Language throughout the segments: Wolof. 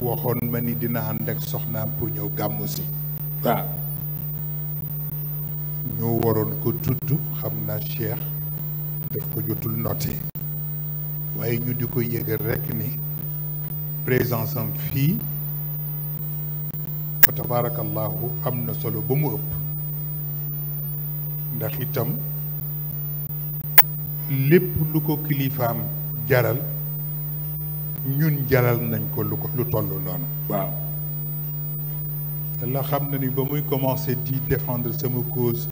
waxoon ma ni dina ànd ak soxnaam pour ñëw gàmmu si waaw ñoo waroon ko tudd xam naa Cheikh daf ko jotul noté waaye ñu di ko yëgal rekk ni présence am fii fa tabaarakallaahu am na solo ba mu ëpp ndax itam lépp lu ko kilifaam jaral ñun jaral nañ ko lu ko lu toll noonu waaw te la xam na ni ba muy commencé di défendre sama cause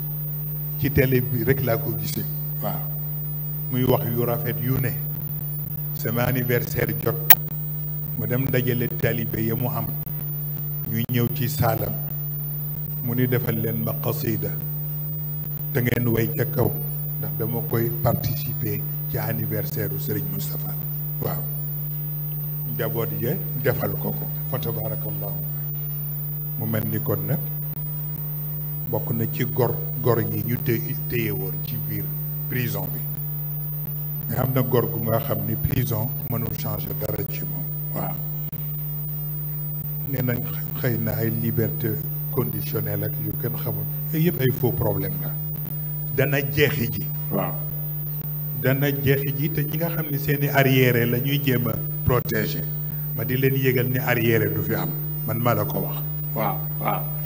ci télé bi rek laa ko gisee waaw muy wax yu rafet yu ne sama anniversaire jot mu dem dajale taalibe ya mu am ñuy ñëw ci saalam mu ni defal leen ma xasida te ngeen way ca kaw ndax dama koy participer ci anniversaire u Serigne Moustapha njaboot ya defal ko ko fa tabaarakallaahu mu mel ni kon nag bokk na ci gor gor yi ñu téye woon ci biir prison bi nga am na gor gu nga xam ni prison mënul changer dara ci moom waaw nee xëy na ay liberté conditionnelle ak yu kenn xamul ay yëpp ay faux problème la dana jeexi ji waaw dana jeexi ji te ñi nga xam ne seeni arriéré lañuy ñuy protéger ma di leen yëgal ni arrière du fi am man ma la ko wax waaw waaw